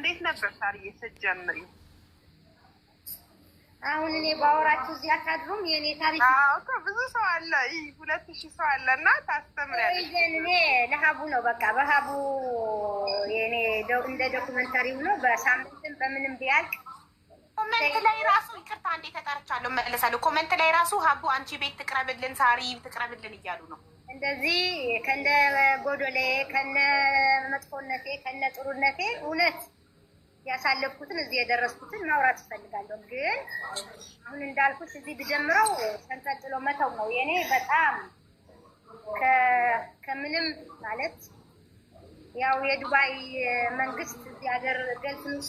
እንዴት ነበር ሳርዬ ስትጀምሪ? አሁን እኔ ባወራችሁ እዚህ አታድሩም። የእኔ ታሪክ እኮ ብዙ ሰው አለ፣ ሁለት ሺህ ሰው አለ እና ታስተምሪያለሽ። እኔ ለሀቡ ነው በቃ በሀቡ የእኔ እንደ ዶክመንታሪ ሆኖ በሳምንትም በምንም ቢያልቅ ኮመንት ላይ ራሱ ይቅርታ እንዴ ተጠርቻለሁ፣ መለሳለሁ። ኮመንት ላይ ራሱ ሀቡ አንቺ ቤት ትቅረብልን፣ ሳሪ ትቅረብልን እያሉ ነው። እንደዚህ ከነ ጎዶሌ ከነ መጥፎነቴ ከነ ጥሩነቴ እውነት ያሳለፍኩትን እዚህ የደረስኩትን ማውራት እፈልጋለሁ። ግን አሁን እንዳልኩት እዚህ ብጀምረው ተንጠልጥሎ መተው ነው የኔ በጣም ከምንም ማለት ያው የዱባይ መንግስት እዚህ ሀገር ገልፍ ንስ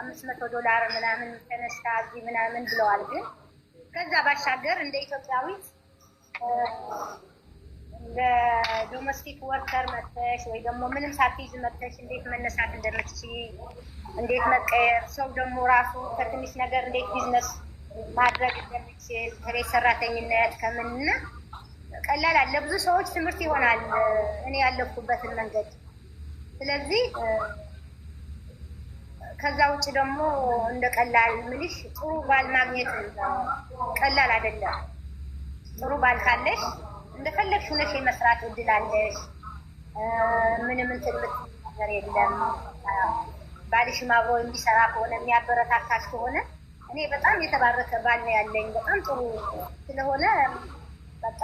አምስት መቶ ዶላር ምናምን ተነስታ እዚህ ምናምን ብለዋል። ግን ከዛ ባሻገር እንደ ኢትዮጵያዊት እንደ ዶሜስቲክ ወርከር መጥተሽ ወይ ደግሞ ምንም ሳትይዝ መጥተሽ እንዴት መነሳት እንደምትችይ እንዴት መቀየር ሰው ደግሞ ራሱ ከትንሽ ነገር እንዴት ቢዝነስ ማድረግ እንደሚችል ከቤት ሰራተኝነት ከምንና ቀላል አለ ብዙ ሰዎች ትምህርት ይሆናል እኔ ያለፍኩበትን መንገድ። ስለዚህ ከዛ ውጭ ደግሞ እንደ ቀላል ምልሽ ጥሩ ባል ማግኘት ቀላል አይደለም። ጥሩ ባል ካለሽ እንደፈለግሽ ሁነሽ የመስራት እድል አለሽ። ምንም እንትን ነገር የለም። ባልሽም አብሮ የሚሰራ ከሆነ የሚያበረታታሽ ከሆነ እኔ በጣም የተባረከ ባል ነው ያለኝ። በጣም ጥሩ ስለሆነ በቃ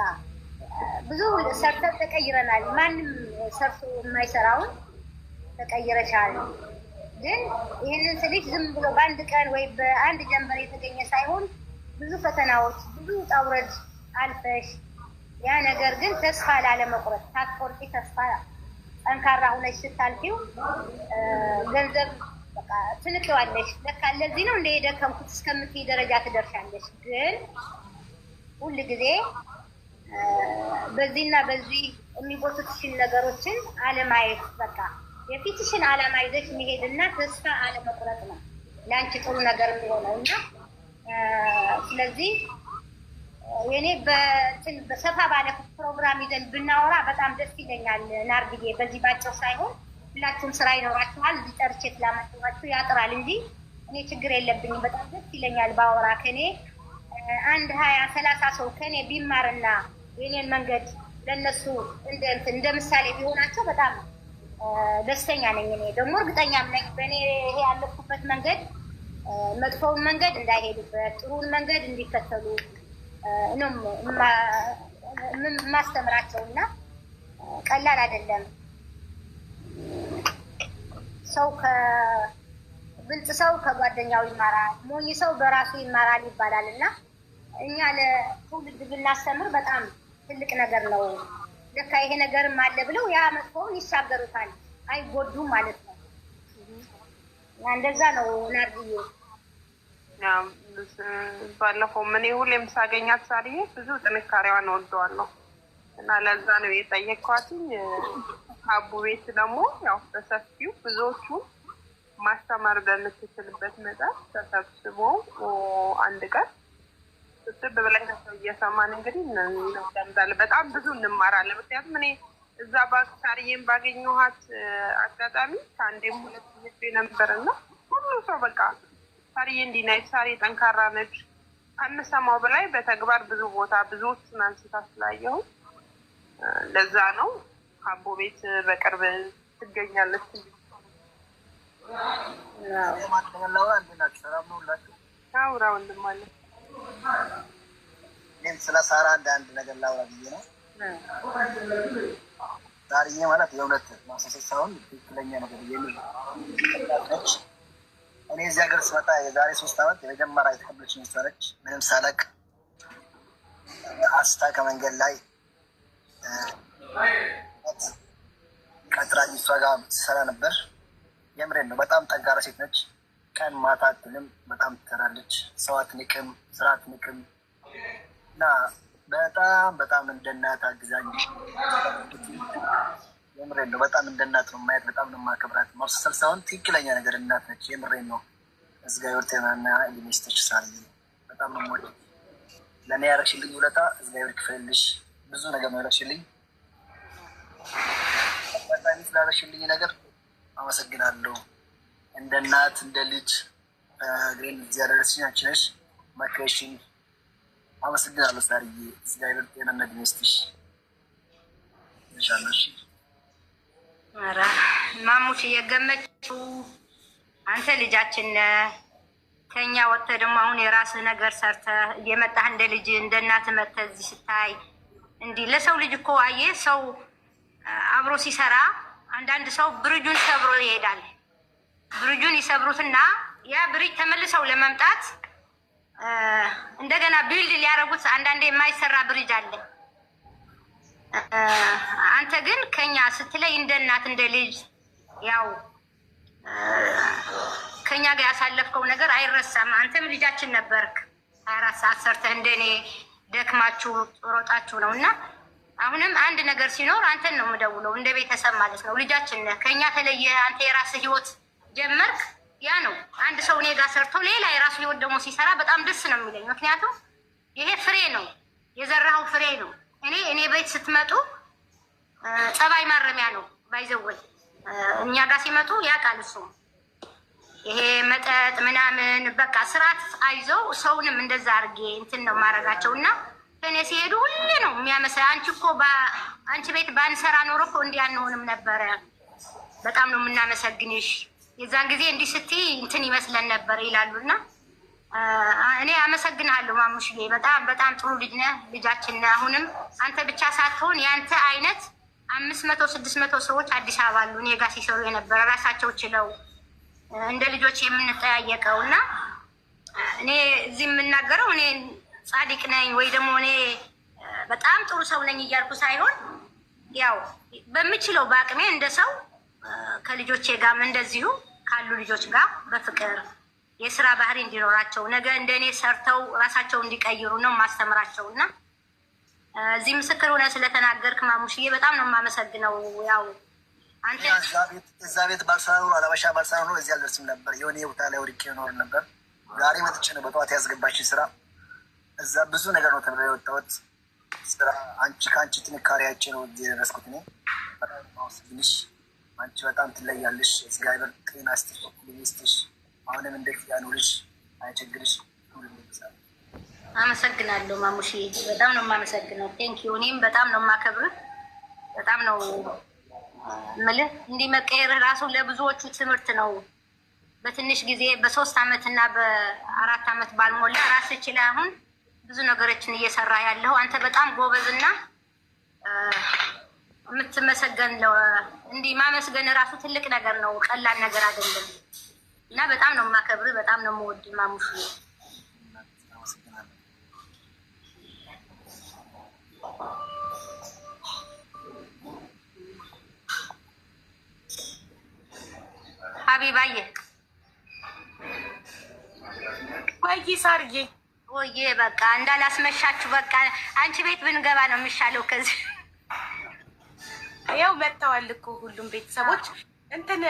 ብዙ ሰርተን ተቀይረናል። ማንም ሰርቶ የማይሰራውን ተቀይረሻል። ግን ይህንን ስልሽ ዝም ብሎ በአንድ ቀን ወይ በአንድ ጀንበር የተገኘ ሳይሆን ብዙ ፈተናዎች፣ ብዙ ውጣ ውረድ አልፈሽ ያ ነገር ግን ተስፋ ላለመቁረጥ ታትቆርጪ ተስፋ ጠንካራ ሁነሽ ስታልፊው ገንዘብ ትንቀዋለሽ። በቃ ለዚህ ነው እንደ የደከምኩት እስከምትይ ደረጃ ትደርሻለሽ። ግን ሁል ጊዜ በዚህና በዚህ የሚጎትትሽን ነገሮችን አለማየት፣ በቃ የፊትሽን አላማ ይዘሽ መሄድና ተስፋ አለመቁረጥ ነው ለአንቺ ጥሩ ነገር የሚሆነው እና ስለዚህ የኔ በሰፋ ባለ ፕሮግራም ይዘን ብናወራ በጣም ደስ ይለኛል። ናርግዬ በዚህ ባጭር ሳይሆን ሁላችሁም ስራ ይኖራችኋል። ሊጠርቼ ስላመጣኋችሁ ያጥራል እንጂ እኔ ችግር የለብኝም። በጣም ደስ ይለኛል ባወራ ከኔ አንድ ሀያ ሰላሳ ሰው ከኔ ቢማርና የኔን መንገድ ለነሱ እንደ ምሳሌ ቢሆናቸው በጣም ደስተኛ ነኝ። እኔ ደግሞ እርግጠኛም ነኝ በእኔ ይሄ ያለኩበት መንገድ መጥፎውን መንገድ እንዳይሄዱበት ጥሩን መንገድ እንዲከተሉ ነው የማስተምራቸው እና ቀላል አይደለም። ሰው ብልጥ ሰው ከጓደኛው ይማራል፣ ሞኝ ሰው በራሱ ይማራል ይባላል እና እኛ ለትውልድ ብናስተምር በጣም ትልቅ ነገር ነው። ለካ ይሄ ነገርም አለ ብለው ያ መጥፎውን ይሻገሩታል፣ አይጎዱም ማለት ነው። እንደዛ ነው ናርድዬ ባለፈው ምን ሁሌም ሳገኛት ሳርዬ ብዙ ጥንካሬዋን እወደዋለሁ እና ለዛ ነው የጠየኳትኝ። አቡ ቤት ደግሞ ያው በሰፊው ብዙዎቹ ማስተማር በምትችልበት መጠን ተሰብስቦ አንድ ቀን ስብስብ ብለን ከሰው እየሰማን እንግዲህ እንለምዳለን። በጣም ብዙ እንማራለን። ምክንያቱም እኔ እዛ ሳርዬን ባገኘኋት አጋጣሚ ከአንዴም ሁለት ነበር እና ሁሉ ሰው በቃ ሳርዬ እንዲህ ነች፣ ሳርዬ ጠንካራ ነች ከምሰማው በላይ በተግባር ብዙ ቦታ ብዙዎቹን አንስታ ስላየሁ ለዛ ነው ካቦ ቤት በቅርብ ትገኛለች። ራ ወንድም አለ። ስለ ሳራ አንድ አንድ ነገር ላውራ ብዬ ነው። ሳርዬ ማለት የእውነት ማሳሰብ ሳይሆን ትክክለኛ ነገር የሚል ነች። እኔ እዚህ ሀገር ስመጣ የዛሬ ሶስት ዓመት የመጀመሪያ የተቀበለች ሚኒስተሮች ምንም ሳላቅ አስታ ከመንገድ ላይ ከጥራጅ እሷ ጋር ትሰራ ነበር። የምሬን ነው። በጣም ጠንካራ ሴት ነች። ቀን ማታ አትልም። በጣም ትሰራለች። ሰው አትንቅም፣ ስራ አትንቅም እና በጣም በጣም እንደናት አግዛኝ የምሬን ነው። በጣም እንደ እናት ነው ማየት። በጣም ነው ማከብራት። ማብሰል ሳይሆን ትክክለኛ ነገር እናት ነች። የምሬን ነው። እዚጋ ና ሚስተች ሳል በጣም ነው ሞድ ለእኔ ያረግሽልኝ ውለታ እዚጋ ብር ክፍልልሽ ብዙ ነገር ነው ያረግሽልኝ። አጋጣሚ ስላረግሽልኝ ነገር አመሰግናለሁ። እንደ እናት እንደ ልጅ ግን እዚህ ያደረስሽኝ አንቺ ነሽ። መክረሽኝ አመሰግናለሁ። ሳርዬ እዚጋ ብር ጤናና ሚስትሽ ሻለሽ ማሙሽ እየገመችው አንተ ልጃችን ከኛ ወጥተህ ደግሞ አሁን የራስህ ነገር ሰርተህ እየመጣህ እንደ ልጅ እንደ እናትህ መጥተህ እዚህ ስታይ እንዲህ ለሰው ልጅ እኮ አየህ፣ ሰው አብሮ ሲሰራ አንዳንድ ሰው ብርጁን ሰብሮ ይሄዳል። ብርጁን ይሰብሩትና ያ ብርጅ ተመልሰው ለመምጣት እንደገና ቢልድ ሊያደርጉት አንዳንዴ የማይሰራ ብሪጅ አለ። አንተ ግን ከኛ ስትለይ እንደ እናት እንደ ልጅ ያው ከኛ ጋር ያሳለፍከው ነገር አይረሳም። አንተም ልጃችን ነበርክ። ሀያ አራት ሰዓት ሰርተህ እንደኔ ደክማችሁ ሮጣችሁ ነው እና አሁንም አንድ ነገር ሲኖር አንተን ነው የምደውለው፣ እንደ ቤተሰብ ማለት ነው። ልጃችን ነህ። ከኛ ተለየ፣ አንተ የራስ ህይወት ጀመርክ። ያ ነው አንድ ሰው እኔ ጋር ሰርቶ ሌላ የራሱ ህይወት ደግሞ ሲሰራ በጣም ደስ ነው የሚለኝ። ምክንያቱም ይሄ ፍሬ ነው የዘራኸው ፍሬ ነው። እኔ እኔ ቤት ስትመጡ ጸባይ ማረሚያ ነው። ባይዘወይ እኛ ጋር ሲመጡ ያውቃል እሱ ይሄ መጠጥ ምናምን በቃ ስርዓት አይዘው ሰውንም እንደዛ አድርጌ እንትን ነው ማረጋቸው እና እኔ ሲሄዱ ሁሌ ነው የሚያመሰ አንቺ እኮ አንቺ ቤት ባንሰራ ኖሮ እኮ እንዲህ አንሆንም ነበረ። በጣም ነው የምናመሰግንሽ። የዛን ጊዜ እንዲህ ስትይ እንትን ይመስለን ነበር ይላሉ እና እኔ አመሰግንሃለሁ ማሙሽዬ፣ በጣም በጣም ጥሩ ልጅ ነህ፣ ልጃችን ነህ። አሁንም አንተ ብቻ ሳትሆን የአንተ አይነት አምስት መቶ ስድስት መቶ ሰዎች አዲስ አበባ አሉ እኔ ጋ ሲሰሩ የነበረ ራሳቸው ችለው እንደ ልጆች የምንጠያየቀው እና እኔ እዚህ የምናገረው እኔ ጻድቅ ነኝ ወይ ደግሞ እኔ በጣም ጥሩ ሰው ነኝ እያልኩ ሳይሆን ያው በምችለው በአቅሜ እንደ ሰው ከልጆቼ ጋርም እንደዚሁ ካሉ ልጆች ጋር በፍቅር የስራ ባህሪ እንዲኖራቸው ነገ እንደእኔ ሰርተው ራሳቸው እንዲቀይሩ ነው ማስተምራቸው እና እዚህ ምስክር ሆነ ስለተናገርክ ማሙሽዬ በጣም ነው የማመሰግነው። ያው እዛ ቤት ባልሰራ ኖሮ አላበሻ ባልሰራ ኖሮ እዚህ አልደርስም ነበር። የሆነ የቦታ ላይ ወድቄ ኖር ነበር። ዛሬ መጥቼ ነው በጠዋት ያስገባችን ስራ። እዛ ብዙ ነገር ነው ተብለ የወጣሁት ስራ። አንቺ ከአንቺ ጥንካሬያቼ ነው የደረስኩት እኔ ትንሽ አንቺ በጣም ትለያለሽ። እግዚአብሔር ጤና ይስጥሽ። አሁንም እንደዚህ ያኑርሽ፣ አይቸግርሽ አመሰግናለሁ ማሙሽ፣ በጣም ነው የማመሰግነው። ቴንክ ዩ። እኔም በጣም ነው የማከብርህ፣ በጣም ነው የምልህ። እንዲህ መቀየርህ ራሱ ለብዙዎቹ ትምህርት ነው። በትንሽ ጊዜ በሶስት አመት እና በአራት አመት ባልሞላ ራስህ ችለህ አሁን ብዙ ነገሮችን እየሰራ ያለው አንተ በጣም ጎበዝ እና የምትመሰገን እንዲህ ማመስገን ራሱ ትልቅ ነገር ነው፣ ቀላል ነገር አይደለም እና በጣም ነው የማከብርህ፣ በጣም ነው የምወድህ ማሙሽ። ሀቢባዬ ወይ ሳርዬ ወዬ በቃ እንዳላስመሻችሁ በቃ አንቺ ቤት ብንገባ ነው የሚሻለው። ከዚህ ያው መጥተዋል እኮ ሁሉም ቤተሰቦች እንትን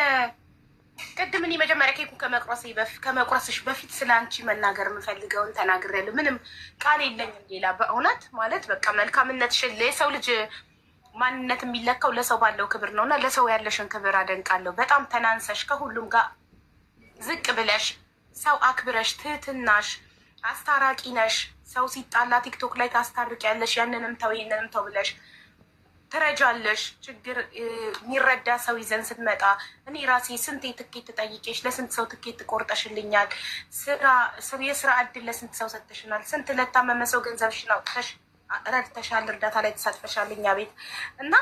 ቅድም እኔ መጀመሪያ ኬኩ ከመቁረስሽ በፊት ስለ አንቺ መናገር የምፈልገውን ተናግሬያለሁ። ምንም ቃል የለኝም ሌላ። በእውነት ማለት በቃ መልካምነትሽን የሰው ልጅ ማንነት የሚለካው ለሰው ባለው ክብር ነው እና ለሰው ያለሽን ክብር አደንቃለሁ። በጣም ተናንሰሽ ከሁሉም ጋር ዝቅ ብለሽ ሰው አክብረሽ ትህትናሽ፣ አስታራቂ ነሽ። ሰው ሲጣላ ቲክቶክ ላይ ታስታርቂያለሽ። ያንንም ተው ይሄንንም ተው ብለሽ ትረጃለሽ። ችግር የሚረዳ ሰው ይዘን ስንመጣ እኔ ራሴ ስንቴ ትኬት ጠይቄሽ፣ ለስንት ሰው ትኬት ቆርጠሽልኛል። የስራ እድል ለስንት ሰው ሰጥተሽናል። ስንት ለታመመ ሰው ገንዘብሽን አውጥተሽ ረድተሻል። እርዳታ ላይ ተሳትፈሻል እኛ ቤት እና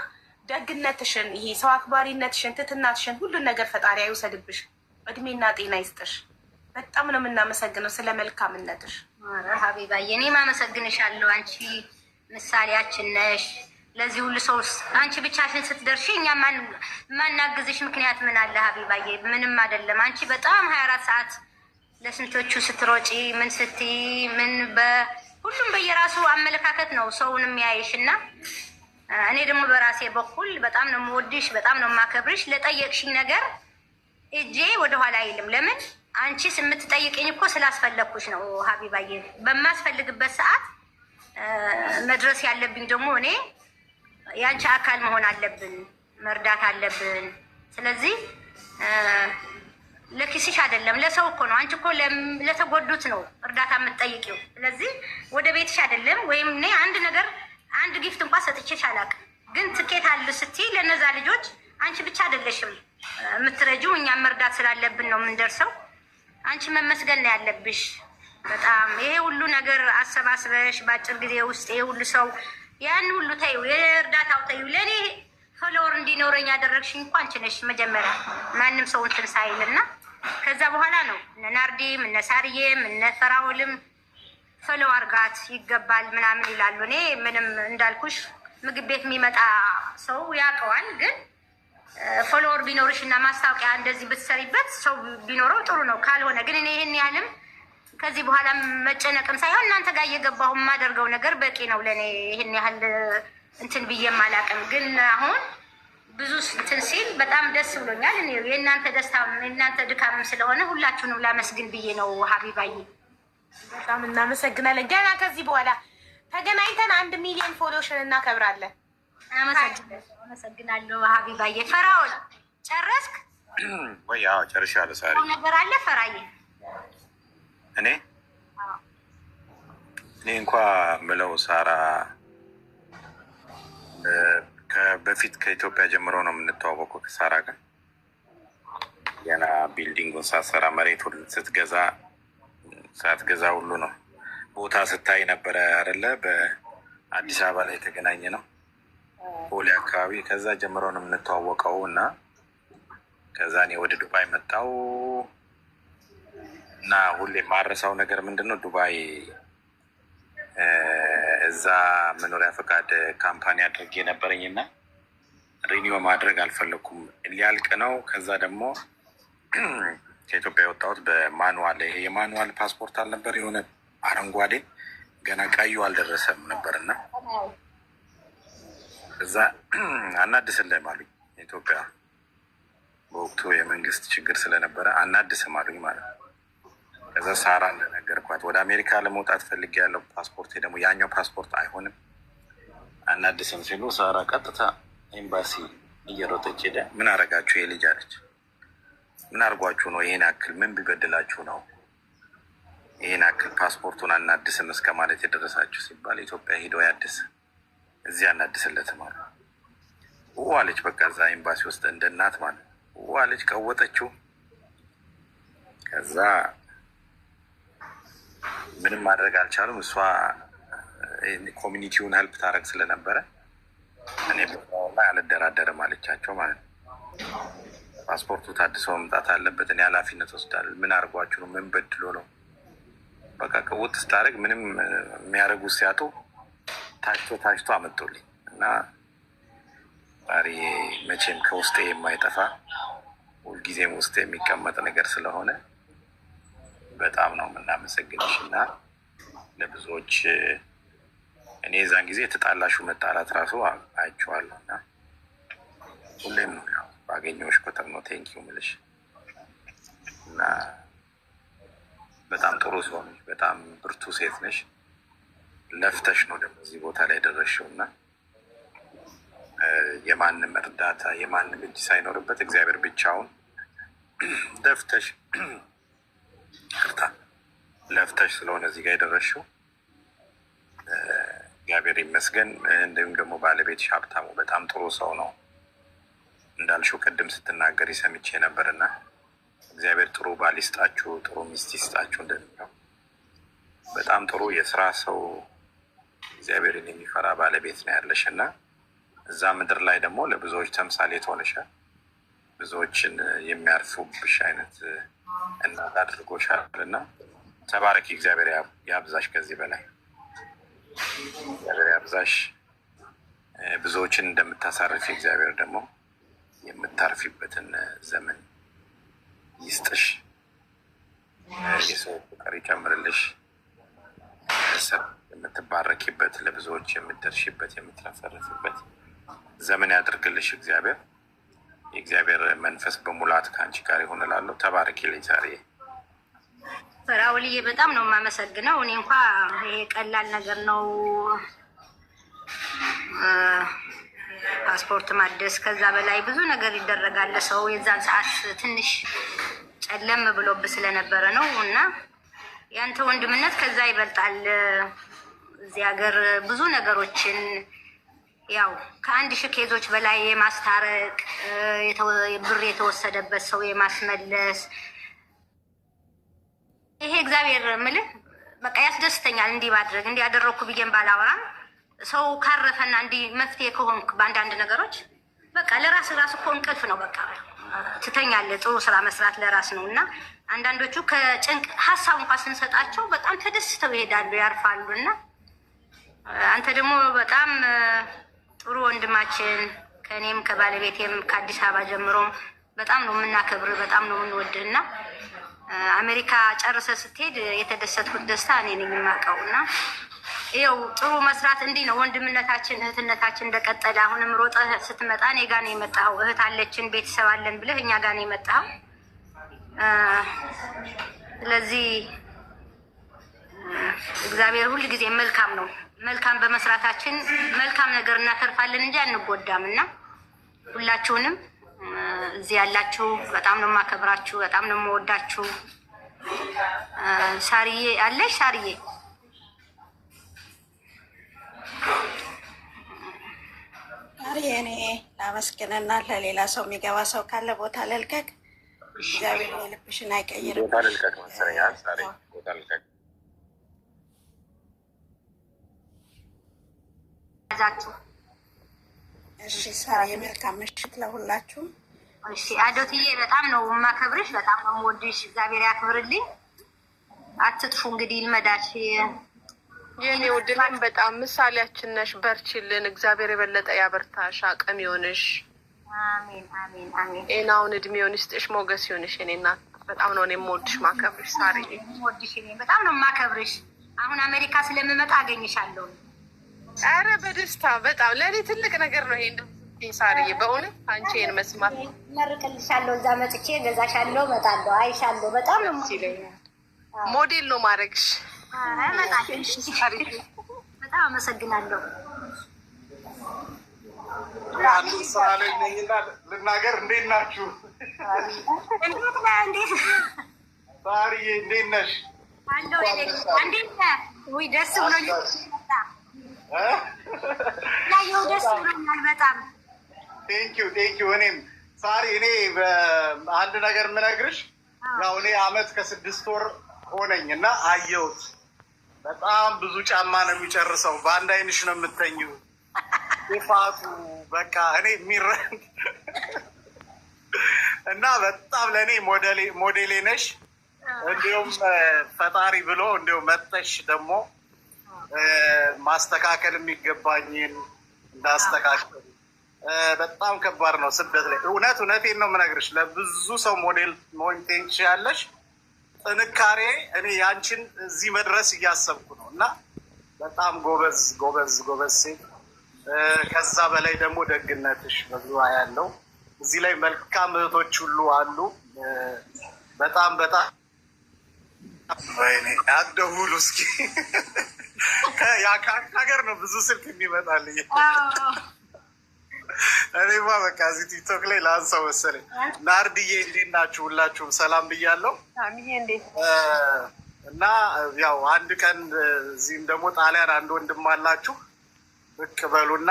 ደግነትሽን፣ ይሄ ሰው አክባሪነትሽን፣ ትትናትሽን ሁሉን ነገር ፈጣሪ አይውሰድብሽ። እድሜና ጤና ይስጥሽ። በጣም ነው የምናመሰግነው ስለ መልካምነትሽ ሀቢባዬ። እኔም አመሰግንሻለሁ። አንቺ ምሳሌያችን ነሽ። ለዚህ ሁሉ ሰው አንቺ ብቻሽን ስትደርሺ እኛ ማናግዝሽ ምክንያት ምን አለ ሀቢባዬ? ምንም አይደለም። አንቺ በጣም ሀያ አራት ሰዓት ለስንቶቹ ስትሮጪ ምን ስትይ ምን በሁሉም በየራሱ አመለካከት ነው ሰውን የሚያይሽ እና እኔ ደግሞ በራሴ በኩል በጣም ነው የምወድሽ፣ በጣም ነው የማከብርሽ። ለጠየቅሽኝ ነገር እጄ ወደኋላ አይልም። ለምን አንቺስ የምትጠይቅኝ እኮ ስላስፈለግኩሽ ነው ሀቢባዬ። በማስፈልግበት ሰዓት መድረስ ያለብኝ ደግሞ እኔ የአንቺ አካል መሆን አለብን፣ መርዳት አለብን። ስለዚህ ለኪስሽ አይደለም ለሰው እኮ ነው። አንቺ እኮ ለተጎዱት ነው እርዳታ የምትጠይቂው። ስለዚህ ወደ ቤትሽ አይደለም ወይም እኔ አንድ ነገር አንድ ጊፍት እንኳ ሰጥቼሽ አላውቅም። ግን ትኬት አሉ ስትይ ለነዛ ልጆች አንቺ ብቻ አይደለሽም የምትረጂው፣ እኛም መርዳት ስላለብን ነው የምንደርሰው። አንቺ መመስገን ነው ያለብሽ በጣም ይሄ ሁሉ ነገር አሰባስበሽ በአጭር ጊዜ ውስጥ ይሄ ሁሉ ሰው ያን ሁሉ ተይው፣ የእርዳታው ተይው። ለእኔ ፎሎወር እንዲኖረኝ ያደረግሽኝ እንኳ አንቺ ነሽ። መጀመሪያ ማንም ሰው እንትን ሳይል እና ከዛ በኋላ ነው እነ ናርዲም እነ ሳርዬም እነ ፈራውልም ፎሎው አርጋት ይገባል ምናምን ይላሉ። እኔ ምንም እንዳልኩሽ ምግብ ቤት የሚመጣ ሰው ያውቀዋል። ግን ፎሎወር ቢኖርሽ እና ማስታወቂያ እንደዚህ ብትሰሪበት ሰው ቢኖረው ጥሩ ነው። ካልሆነ ግን እኔ ይህን ያህልም ከዚህ በኋላ መጨነቅም ሳይሆን እናንተ ጋር እየገባሁ የማደርገው ነገር በቂ ነው ለእኔ። ይህን ያህል እንትን ብዬም አላውቅም፣ ግን አሁን ብዙ እንትን ሲል በጣም ደስ ብሎኛል። የእናንተ ደስታ የእናንተ ድካምም ስለሆነ ሁላችሁንም ላመስግን ብዬ ነው። ሀቢባይ በጣም እናመሰግናለን። ገና ከዚህ በኋላ ተገናኝተን አንድ ሚሊዮን ፎሎሽን እናከብራለን። አመሰግናለሁ ሀቢባዬ። ፈራውን ጨረስክ ወይ? ጨርሻለሁ። ነገር አለ ፈራዬ እኔ እኔ እንኳ ብለው ሳራ በፊት ከኢትዮጵያ ጀምሮ ነው የምንተዋወቀው ከሳራ ጋር ገና ቢልዲንጉን ሳሰራ መሬት ሁሉ ስትገዛ ሳትገዛ ሁሉ ነው ቦታ ስታይ ነበረ አይደለ? በአዲስ አበባ ላይ የተገናኘ ነው ፖሊ አካባቢ። ከዛ ጀምሮ ነው የምንተዋወቀው እና ከዛ እኔ ወደ ዱባይ መጣው እና ሁሌ የማረሳው ነገር ምንድን ነው ዱባይ እዛ መኖሪያ ፈቃድ ካምፓኒ አድርጌ ነበረኝ እና ሪኒዮ ማድረግ አልፈለኩም፣ ሊያልቅ ነው። ከዛ ደግሞ ከኢትዮጵያ የወጣሁት በማኑዋል ይሄ የማኑዋል ፓስፖርት አልነበር የሆነ አረንጓዴ ገና ቀዩ አልደረሰም ነበር እና እዛ አናድስልህም አሉኝ። ኢትዮጵያ በወቅቱ የመንግስት ችግር ስለነበረ አናድስም አሉኝ ማለት ነው። ከዛ ሳራ እንደነገርኳት ወደ አሜሪካ ለመውጣት ፈልጌ ያለው ፓስፖርት ደግሞ ያኛው ፓስፖርት አይሆንም አናድስም ሲሉ ሳራ ቀጥታ ኤምባሲ እየሮጠች ሄደ። ምን አረጋችሁ የልጅ አለች። ምን አርጓችሁ ነው ይህን ያክል ምን ቢበድላችሁ ነው ይህን ያክል ፓስፖርቱን አናድስም እስከ ማለት የደረሳችሁ ሲባል ኢትዮጵያ ሄደው ያድስ እዚህ አናድስለትም አሉ። ዋለች በቃ እዛ ኤምባሲ ውስጥ እንደ እናት ማለት ዋለች፣ ቀወጠችው ከዛ ምንም ማድረግ አልቻሉም። እሷ ኮሚኒቲውን ህልፕ ታደረግ ስለነበረ እኔ ላይ አልደራደርም አለቻቸው ማለት ነው። ፓስፖርቱ ታድሶ መምጣት አለበት፣ እኔ ኃላፊነት ወስዳል። ምን አድርጓችሁ ነው? ምን በድሎ ነው? በቃ ቅውጥ ስታደረግ ምንም የሚያደርጉ ሲያጡ ታጭቶ ታሽቶ አመጡልኝ እና ጣሪ መቼም ከውስጤ የማይጠፋ ሁልጊዜም ውስጥ የሚቀመጥ ነገር ስለሆነ በጣም ነው የምናመሰግንሽ እና ለብዙዎች እኔ የዛን ጊዜ የተጣላሹ መጣላት ራሱ አይቼዋለሁ እና ሁሌም ነው ባገኘሁሽ ቁጥር ነው ቴንኪው ምልሽ እና በጣም ጥሩ ሰው ነሽ። በጣም ብርቱ ሴት ነሽ። ለፍተሽ ነው ደግሞ እዚህ ቦታ ላይ ደረሽው እና የማንም እርዳታ የማንም እጅ ሳይኖርበት እግዚአብሔር ብቻውን ለፍተሽ ይቅርታ ለፍተሽ ስለሆነ እዚህ ጋር የደረሽው እግዚአብሔር ይመስገን። እንዲሁም ደግሞ ባለቤትሽ ሀብታሙ በጣም ጥሩ ሰው ነው እንዳልሽው ቅድም ስትናገር ይሰምቼ ነበር እና እግዚአብሔር ጥሩ ባል ይስጣችሁ፣ ጥሩ ሚስት ይስጣችሁ። እንደሚለው በጣም ጥሩ የስራ ሰው እግዚአብሔርን የሚፈራ ባለቤት ነው ያለሽ እና እዛ ምድር ላይ ደግሞ ለብዙዎች ተምሳሌ ትሆንሻል። ብዙዎችን የሚያርፉብሽ አይነት እናት አድርጎሻል እና ተባረኪ። እግዚአብሔር ያብዛሽ፣ ከዚህ በላይ እግዚአብሔር ያብዛሽ። ብዙዎችን እንደምታሳርፊ እግዚአብሔር ደግሞ የምታርፊበትን ዘመን ይስጥሽ። የሰው ፍቅር ይጨምርልሽ። የምትባረኪበት ለብዙዎች የምትደርሺበት የምትረፈረፍበት ዘመን ያደርግልሽ እግዚአብሔር። የእግዚአብሔር መንፈስ በሙላት ከአንቺ ጋር ይሁን ተባረኪ ተባረኪልኝ ዛሬ አውልዬ በጣም ነው የማመሰግነው። እኔ እንኳ ይሄ ቀላል ነገር ነው፣ ፓስፖርት ማደስ፣ ከዛ በላይ ብዙ ነገር ይደረጋል። ሰው የዛን ሰዓት ትንሽ ጨለም ብሎብ ስለነበረ ነው እና ያንተ ወንድምነት ከዛ ይበልጣል። እዚህ ሀገር ብዙ ነገሮችን ያው ከአንድ ሺህ ኬዞች በላይ የማስታረቅ ብር የተወሰደበት ሰው የማስመለስ ይሄ እግዚአብሔር ምልህ በቃ ያስደስተኛል። እንዲህ ማድረግ እንዲህ ያደረግኩ ብዬን ባላወራም ሰው ካረፈና እንዲህ መፍትሄ ከሆንክ በአንዳንድ ነገሮች በቃ ለራስ ራስ እኮ እንቅልፍ ነው። በቃ ትተኛለህ። ጥሩ ስራ መስራት ለራስ ነው እና አንዳንዶቹ ከጭንቅ ሀሳብ እንኳ ስንሰጣቸው በጣም ተደስተው ይሄዳሉ፣ ያርፋሉ እና አንተ ደግሞ በጣም ጥሩ ወንድማችን ከእኔም ከባለቤቴም ከአዲስ አበባ ጀምሮ በጣም ነው የምናከብር፣ በጣም ነው የምንወድህ እና አሜሪካ ጨርሰ ስትሄድ የተደሰትኩት ደስታ እኔ ነኝ የማውቀው እና ይኸው ጥሩ መስራት እንዲህ ነው ወንድምነታችን እህትነታችን እንደቀጠለ። አሁንም ሮጠ ስትመጣ እኔ ጋ ነው የመጣኸው። እህት አለችን ቤተሰብ አለን ብለህ እኛ ጋ ነው የመጣኸው። ስለዚህ እግዚአብሔር ሁል ጊዜ መልካም ነው። መልካም በመስራታችን መልካም ነገር እናተርፋለን እንጂ አንጎዳም እና ሁላችሁንም እዚህ ያላችሁ በጣም ነው የማከብራችሁ፣ በጣም ነው የምወዳችሁ። ሳርዬ አለሽ? ሳርዬ ሳርዬ፣ እኔ ላመስግንና ለሌላ ሰው የሚገባ ሰው ካለ ቦታ ለልቀቅ። እግዚአብሔር የልብሽን አይቀይርም። ቦታ ልልቀቅ መሰለኝ። ቦታ ያዛችሁ። እሺ ሳራ፣ የመልካም ምሽት ለሁላችሁም። እሺ አዶትዬ፣ በጣም ነው የማከብርሽ፣ በጣም ነው የምወድሽ። እግዚአብሔር ያክብርልኝ። አትጥፉ እንግዲህ ይልመዳሽ። የኔ ውድልን በጣም ምሳሌያችን ነሽ። በርችልን። እግዚአብሔር የበለጠ ያበርታሽ፣ አቅም ይሆንሽ። አሜን አሜን አሜን። ጤናውን እድሜውን ይስጥሽ፣ ሞገስ ይሆንሽ። እኔ እናት በጣም ነው እኔ የምወድሽ ማከብርሽ። ሳሪ፣ የምወድሽ እኔ በጣም ነው የማከብርሽ። አሁን አሜሪካ ስለምመጣ አገኝሻለሁ። አረ በደስታ በጣም ለእኔ ትልቅ ነገር ነው። ይሄን ሳርዬ በእውነት አንቺ ይሄን መስማት መርቅልሻለሁ። እዛ መጥቼ ገዛሻለሁ፣ እመጣለሁ፣ አይሻለሁ። በጣም ነው ሞዴል ነው ማድረግሽ። በጣም አመሰግናለሁ። ልናገር እንዴት ናችሁ? ሳርዬ እንዴት ነሽ? ደስ ብሎ ላየው ደስ ብሎኛል በጣም ቴንኪው ቴንኪው። እኔም ሳሪ፣ እኔ አንድ ነገር የምነግርሽ ያው እኔ አመት ከስድስት ወር ሆነኝ እና አየሁት። በጣም ብዙ ጫማ ነው የሚጨርሰው። በአንድ አይንሽ ነው የምተኝው። ፋቱ በቃ እኔ የሚረድ እና በጣም ለእኔ ሞዴሌ ነሽ። እንዲሁም ፈጣሪ ብሎ እንዲሁም መጠሽ ደግሞ ማስተካከል የሚገባኝን እንዳስተካከል በጣም ከባድ ነው ስደት ላይ እውነት እውነቴን ነው የምነግርሽ። ለብዙ ሰው ሞዴል መሆን ያለሽ ጥንካሬ እኔ ያንቺን እዚህ መድረስ እያሰብኩ ነው እና በጣም ጎበዝ ጎበዝ ጎበዝ ሴት ከዛ በላይ ደግሞ ደግነትሽ በብዙ ያለው እዚህ ላይ መልካም እህቶች ሁሉ አሉ። በጣም በጣም አትደውሉ እስኪ። ከአንድ ሀገር ነው ብዙ ስልክ የሚመጣልኝ። እኔማ በቃ እዚህ ቲክቶክ ላይ ለአንሳው መሰለኝ። ናርድዬ እንዴት ናችሁ? ሁላችሁም ሰላም ብያለሁ። እና ያው አንድ ቀን እዚህም ደግሞ ጣሊያን አንድ ወንድም አላችሁ ብቅ በሉና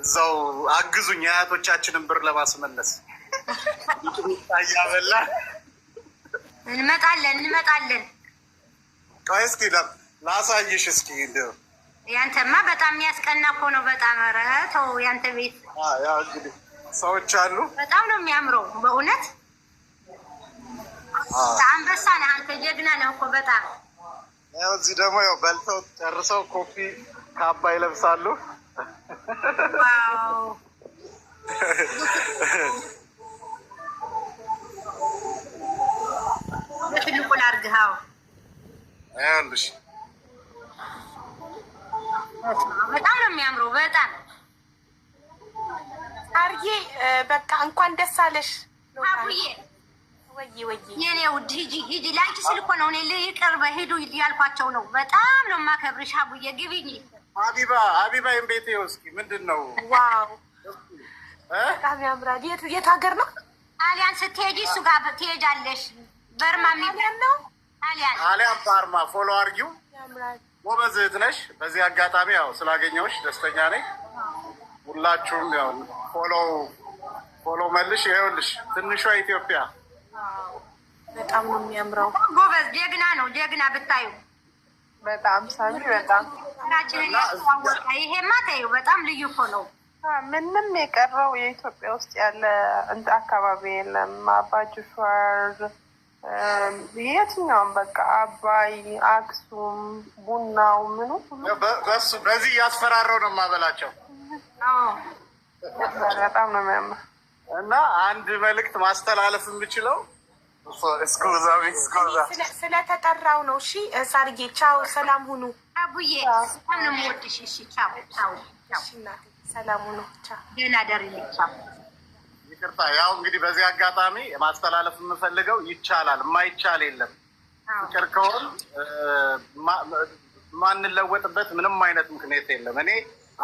እዛው አግዙኝ የአያቶቻችንን ብር ለማስመለስ ታያበላ እንመጣለን እንመጣለን። ቆይ እስኪ ላሳይሽ እስኪ ያንተማ በጣም የሚያስቀና እኮ ነው። በጣም ኧረ ተው ያንተ ቤት ሰዎች አሉ። በጣም ነው የሚያምረው በእውነት አንበሳ ነህ አንተ፣ ጀግና ነህ እኮ በጣም ያው እዚህ ደግሞ ያው በልተው ጨርሰው ኮፒ ካባ ይለብሳሉ። ትልቁ ላድርግህ። በጣም ነው የሚያምረው። በጣም አርዬ፣ በቃ እንኳን ደስ አለሽ አቡዬ። ወይ ወይ የኔ ውድ ሂጂ ሂጂ። ለአንቺ ስል ነው እኔ ልቅርበ ሄዱ ያልኳቸው ነው። በጣም ነው የማከብርሽ አቡዬ። ግቢኝ ሀቢባ ሀቢባ ቤቴ እስኪ ምንድን ነው? ዋው በጣም ያምራል። የት ሀገር ነው? ጣሊያን ስትሄጂ እሱ ጋር ትሄጃለሽ። በርማ የሚለው አሊያም በርማ ፎሎ አርጊው ጎበዝ እህት ነሽ። በዚህ አጋጣሚ ያው ስላገኘሁሽ ደስተኛ ነኝ። ሁላችሁም ያው ፎሎ ፎሎ መልሽ። ይኸውልሽ ትንሿ ኢትዮጵያ በጣም ነው የሚያምረው። ጎበዝ ጀግና ነው ጀግና ብታዩ በጣም ሳቢ በጣም ሀገራችንን ይሄማ ተይው በጣም ልዩ እኮ ነው። ምንም የቀረው የኢትዮጵያ ውስጥ ያለ እንደ አካባቢ የለም አባጅ የትኛውም በቃ አባይ፣ አክሱም፣ ቡናው ምኑ በሱ በዚህ እያስፈራረው ነው የማበላቸው። በጣም ነው የሚያምር እና አንድ መልእክት ማስተላለፍ የምችለው ስለተጠራው ነው። እሺ ሳርጌ፣ ቻው፣ ሰላም ሁኑ። አቡዬ ሰላም ሁኑ። ቻው፣ ደህና ደር። ቻው ይቅርታ። ያው እንግዲህ በዚህ አጋጣሚ ማስተላለፍ የምፈልገው ይቻላል፣ የማይቻል የለም። ፍቅር ከሆን ማንለወጥበት ምንም አይነት ምክንያት የለም። እኔ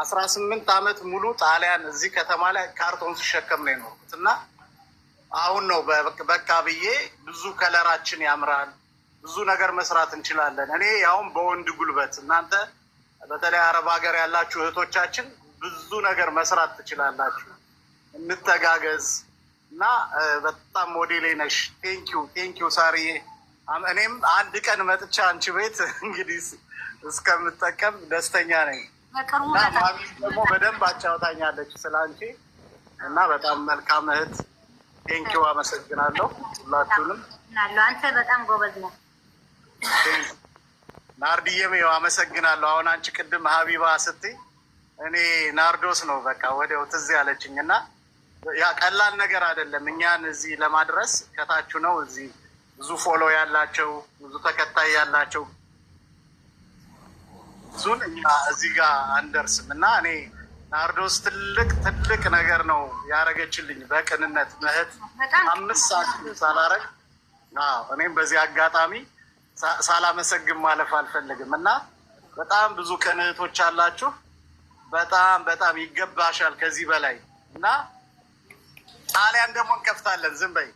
አስራ ስምንት አመት ሙሉ ጣሊያን እዚህ ከተማ ላይ ካርቶን ሲሸከም ነው የኖርኩት እና አሁን ነው በቃ ብዬ ብዙ ከለራችን ያምራል፣ ብዙ ነገር መስራት እንችላለን። እኔ ያውም በወንድ ጉልበት። እናንተ በተለይ አረብ ሀገር ያላችሁ እህቶቻችን ብዙ ነገር መስራት ትችላላችሁ። እንተጋገዝ እና በጣም ሞዴሌ ነሽ። ቴንኪው ቴንኪው ሳርዬ። እኔም አንድ ቀን መጥቻ አንቺ ቤት እንግዲህ እስከምጠቀም ደስተኛ ነኝ። ደግሞ በደንብ አጫውታኛለች ስለ አንቺ እና በጣም መልካም እህት። ቴንኪው አመሰግናለሁ ሁላችሁንም። አንተ በጣም ጎበዝ ነው። ናርድዬም ይኸው አመሰግናለሁ። አሁን አንቺ ቅድም ሀቢባ ስትይ እኔ ናርዶስ ነው በቃ ወዲያው ትዝ ያለችኝ እና ያ ቀላል ነገር አይደለም። እኛን እዚህ ለማድረስ ከታችሁ ነው። እዚህ ብዙ ፎሎ ያላቸው ብዙ ተከታይ ያላቸው እሱን እኛ እዚህ ጋር አንደርስም እና እኔ ናርዶስ ትልቅ ትልቅ ነገር ነው ያደረገችልኝ በቅንነት ምህት አምስት ሰዓት ሳላረግ እኔም በዚህ አጋጣሚ ሳላመሰግን ማለፍ አልፈልግም እና በጣም ብዙ ቅንእህቶች አላችሁ። በጣም በጣም ይገባሻል ከዚህ በላይ እና ጣሊያን ደግሞ እንከፍታለን። ዝም በይ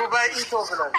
ጉባኤቶ ብለን